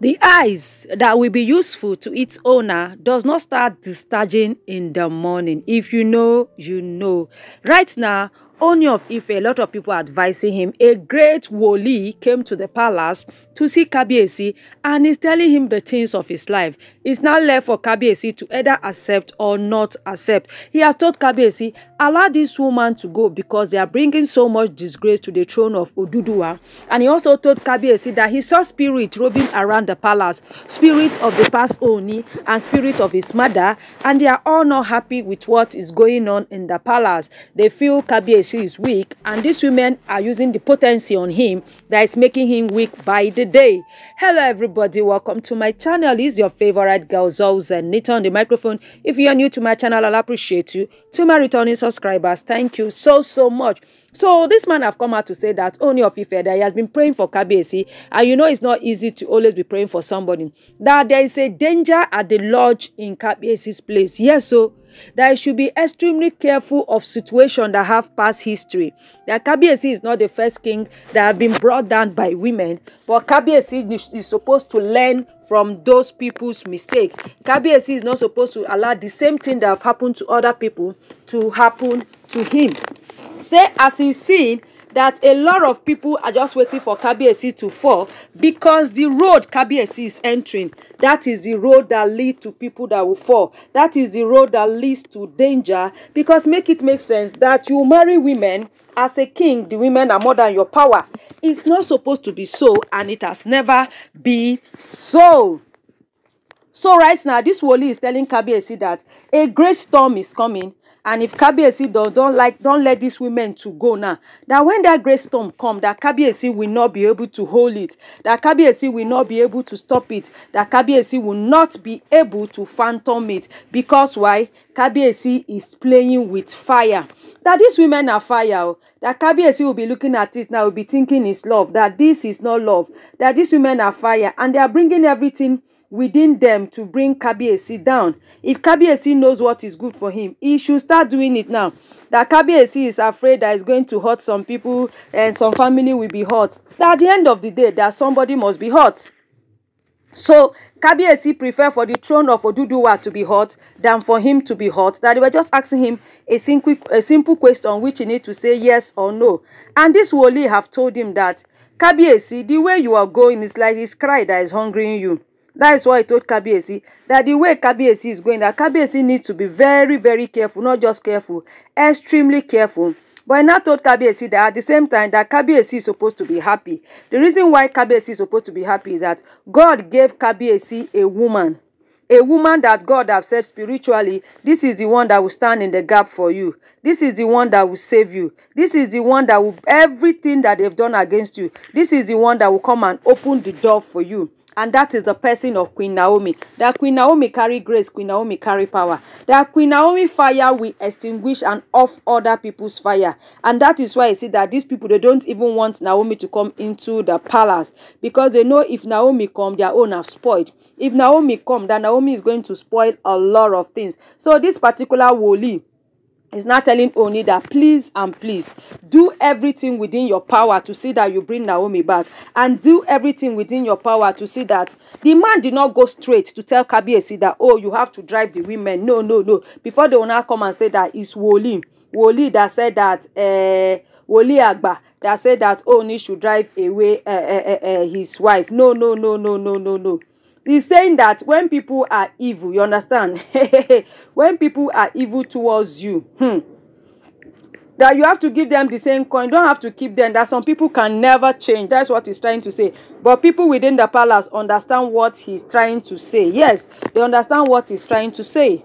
The eyes that will be useful to its owner does not start discharging in the morning. If you know, you know. Right now, only of a lot of people advising him, a great wali came to the palace to see Kabiesi and is telling him the things of his life. It's now left for Kabiesi to either accept or not accept. He has told Kabiesi, allow this woman to go because they are bringing so much disgrace to the throne of Oduduwa. And he also told Kabiesi that he saw spirit roving around the palace, spirit of the past Oni and spirit of his mother, and they are all not happy with what is going on in the palace. They feel Kabiesi Amaechi is weak and these women are using the potency on him that is making him weak by the day. Hello everybody, welcome to my channel. Is your favorite girl Zouz and Nita on the microphone. If you are new to my channel, I'll appreciate you. To my returning subscribers, thank you so, so much. So this man have come out to say that only of Ife he has been praying for Kabiyesi and you know it's not easy to always be praying for somebody. That there is a danger at the lodge in Kabiyesi's place. Yes, so that you should be extremely careful of situations that have past history. That Kabiesi is not the first king that have been brought down by women, but Kabiesi is supposed to learn from those people's mistake. Kabiesi is not supposed to allow the same thing that have happened to other people to happen to him. Say, as he's seen, that a lot of people are just waiting for KBSC to fall because the road KBSC is entering, that is the road that leads to people that will fall. That is the road that leads to danger because make it make sense that you marry women as a king, the women are more than your power. It's not supposed to be so and it has never been so. So right now, this Woli is telling Kabiyesi that a great storm is coming. And if Kabiyesi don't, don't like, don't let these women to go now. That when that great storm come, that Kabiyesi will not be able to hold it. That Kabiyesi will not be able to stop it. That Kabiyesi will not be able to phantom it. Because why? Kabiyesi is playing with fire. That these women are fire. Oh, that Kabiyesi will be looking at it now, will be thinking it's love. That this is not love. That these women are fire. And they are bringing everything within them to bring Kabiesi down. If Kabiesi knows what is good for him, he should start doing it now. That Kabiesi is afraid that it's going to hurt some people and some family will be hurt. At the end of the day, that somebody must be hurt. So Kabiesi prefer for the throne of Oduduwa to be hot than for him to be hot. That they were just asking him a simple, a simple question which he need to say yes or no. And this Woli have told him that, Kabiesi, the way you are going is like his cry that is hungering you. That is why I told Kabiesi that the way Kabiesi is going, that Kabiesi needs to be very, very careful, not just careful, extremely careful. But I now told Kabiesi that at the same time that Kabiesi is supposed to be happy. The reason why Kabiesi is supposed to be happy is that God gave Kabiesi a woman. A woman that God have said spiritually, this is the one that will stand in the gap for you. This is the one that will save you. This is the one that will, everything that they've done against you, this is the one that will come and open the door for you and that is the person of Queen Naomi. That Queen Naomi carry grace, Queen Naomi carry power. That Queen Naomi fire will extinguish and off other people's fire. And that is why I see that these people, they don't even want Naomi to come into the palace because they know if Naomi come, their own have spoiled. If Naomi come, that Naomi is going to spoil a lot of things. So this particular Woli, is now telling Oni that please and please do everything within your power to see that you bring Naomi back and do everything within your power to see that the man did not go straight to tell Kabiyesi that oh you have to drive the women no no no before they will now come and say that it's Woli Woli that said that uh, eh, Woli Agba that said that Oni should drive away uh, uh, uh, uh, his wife no no no no no no no he's saying that when people are evil, you understand? when people are evil towards you, hmm, that you have to give them the same coin. don't have to keep them. That some people can never change. That's what he's trying to say. But people within the palace understand what he's trying to say. Yes, they understand what he's trying to say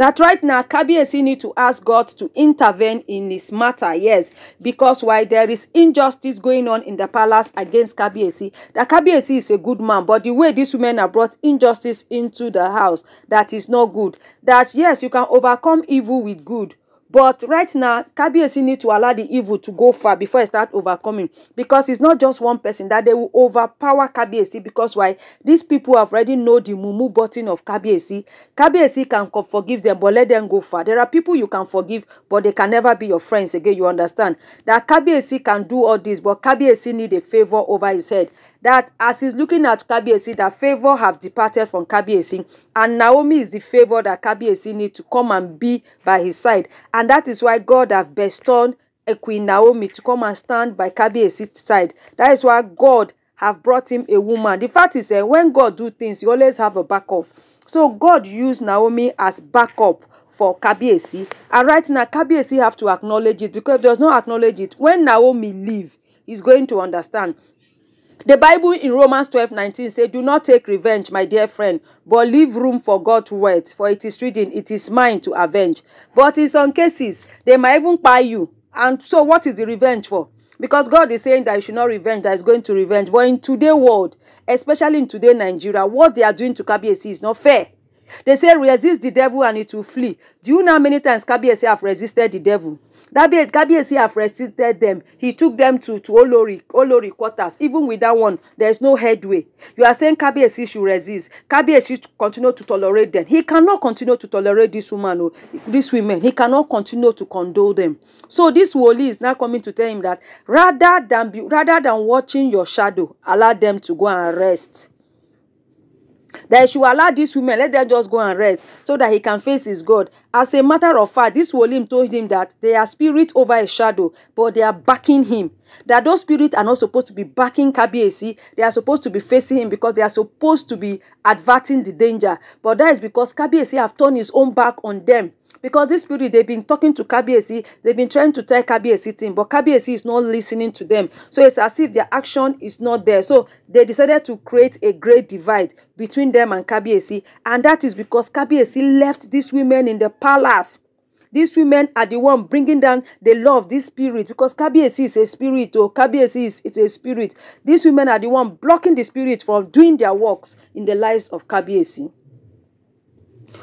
that right now Kabiyesi need to ask God to intervene in this matter, yes, because why there is injustice going on in the palace against Kabiyesi, that Kabiyesi is a good man, but the way these women have brought injustice into the house, that is not good. That yes, you can overcome evil with good, But right now, Kabiyesi need to allow the evil to go far before it start overcoming. Because it's not just one person that they will overpower Kabiyesi. Because why? These people have already know the mumu button of Kabiyesi. Kabiyesi can forgive them, but let them go far. There are people you can forgive, but they can never be your friends again. You understand? That Kabiyesi can do all this, but Kabiyesi need a favor over his head. that as he's looking at Kabiesi, that favor have departed from Kabiesi. And Naomi is the favor that Kabiesi need to come and be by his side. And that is why God have bestowed a eh, Queen Naomi to come and stand by Kabiesi's side. That is why God have brought him a woman. The fact is that eh, when God do things, you always have a backup. So God used Naomi as backup for Kabiesi. And right now, Kabiesi have to acknowledge it because if does not acknowledge it, when Naomi leave, he's going to understand The Bible in Romans 12 19 says, Do not take revenge, my dear friend, but leave room for God's word, for it is written, It is mine to avenge. But in some cases, they might even buy you. And so, what is the revenge for? Because God is saying that you should not revenge, that is going to revenge. But in today's world, especially in today Nigeria, what they are doing to Kabiyesi is not fair. They say resist the devil and it will flee. Do you know how many times Kabiyesi have resisted the devil? Kabiyesi have resisted them. He took them to to Olori Olori quarters. Even with that one, there is no headway. You are saying Kabiyesi should resist. Kabiyesi continue to tolerate them. He cannot continue to tolerate this woman or oh, these women. He cannot continue to condole them. So this woli is now coming to tell him that rather than be, rather than watching your shadow, allow them to go and rest. that he should allow these women, let them just go and rest so that he can face his God. As a matter of fact, this Wolim told him that they are spirit over a shadow, but they are backing him. That those spirits are not supposed to be backing Kabiesi, they are supposed to be facing him because they are supposed to be adverting the danger. But that is because Kabiesi have turned his own back on them because this period they've been talking to kabiyesi they've been trying to tell kabiyesi thing but kabiyesi is not listening to them so it's as if their action is not there so they decided to create a great divide between them and kabiyesi and that is because kabiyesi left these women in the palace these women are the one bringing down the law of this spirit because kabiyesi is a spirit or oh, kabiyesi is it's a spirit these women are the one blocking the spirit from doing their works in the lives of kabiyesi.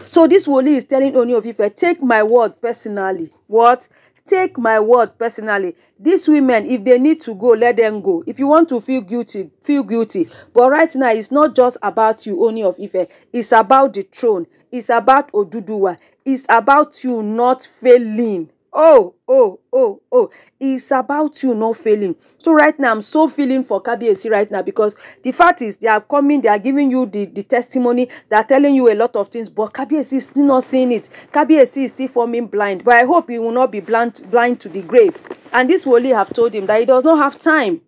So this Woli is telling Oni of Ife, take my word personally. What? Take my word personally. These women, if they need to go, let them go. If you want to feel guilty, feel guilty. But right now, it's not just about you, Oni of Ife. It's about the throne. It's about Oduduwa. It's about you not failing oh oh oh oh it's about you not failing so right now i'm so feeling for kabiyesi right now because the fact is they are coming they are giving you the the testimony they are telling you a lot of things but kabiyesi is still not seeing it kabiyesi is still forming blind but i hope he will not be blind blind to the grave and this wole have told him that he does not have time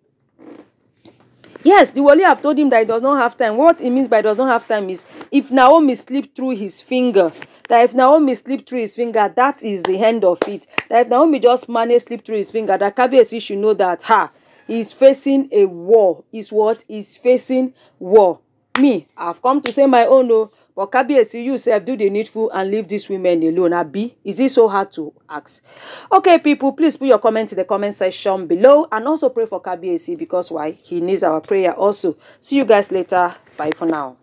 Yes, the wali have told him that he does not have time. What he means by does not have time is if Naomi slipped through his finger, that if Naomi slipped through his finger, that is the end of it. That if Naomi just managed slip through his finger, that Kabiesi should know that ha is facing a war. Is what is facing war. Me, I've come to say my own. no. Oh. But Kabiyesi, you sef do the needful and leave these women alone. Abi, is it so hard to ask? Okay, people, please put your comments in the comment section below and also pray for Kabiyesi because why? He needs our prayer also. See you guys later. Bye for now.